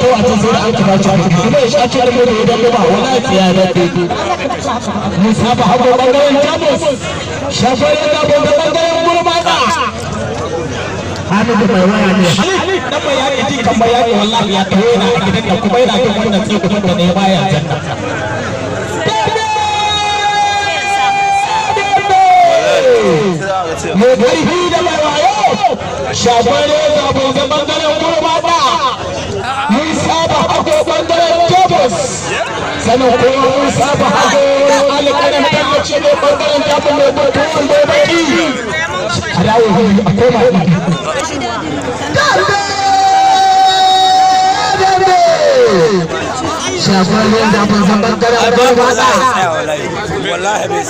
ta wace sai da aka bace ta kuma ya sha cikin da ya danda ba wani tsiya da ke musa ba hago bangaren jamus shafar ya ga bonga bangaren gurbata Hamidu mai waya ne. dan mai yaƙi jin kan mai yaƙi wallahi ya tawo yana gidan da kuma yana jin wannan tsibirin da ne baya janna. Mai ƙarfi da mai wayo shafar ya ga bonga bangaren gurbata. sanin kowa kun saba ne a dawo a da manzan bangaren don wada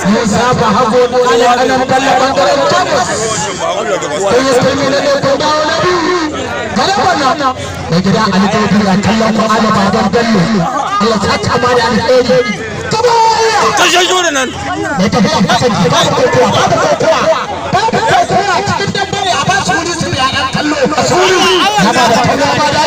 musa ba ya sami na na na da gida Allah ta ta ba da alheri ta nan da ba ta san ba da kokowa ba da kokowa ba da kokowa cikin dambare a ba su wuri su ya dan kallo su wuri ba da kallo ba da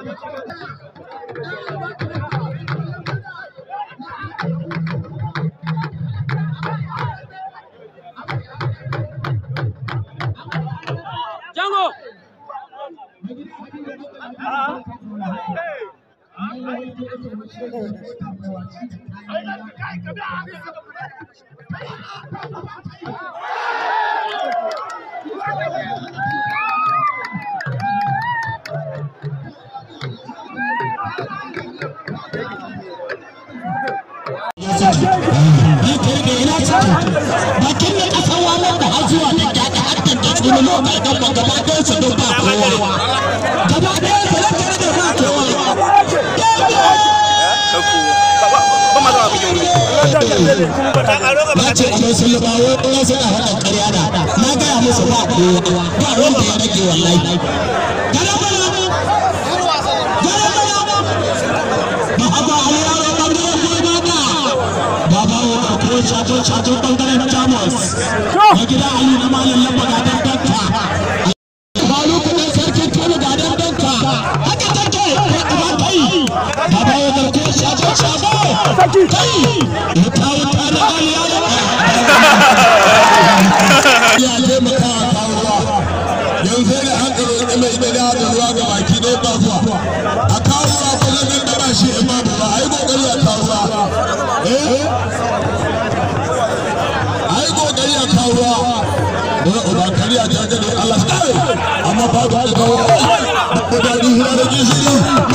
Jango. Hey. bakin da kasa wala da ajiwa da gyada hatta da tsuni lokal gaba gaba ɗaya su don ba kowa gaba ɗaya su rata da ba kowa na ce a mai sun liba wani suna faɗin ƙarya da na gaya musu ba kowa ba wanda ya rage wallahi caco caco bangaren jamus na gida ali na malam lamba ga balu sarkin kano ga dandanka haka take kuma wani uba kariya ta jade a amma babu da kawo da kudi da gishiri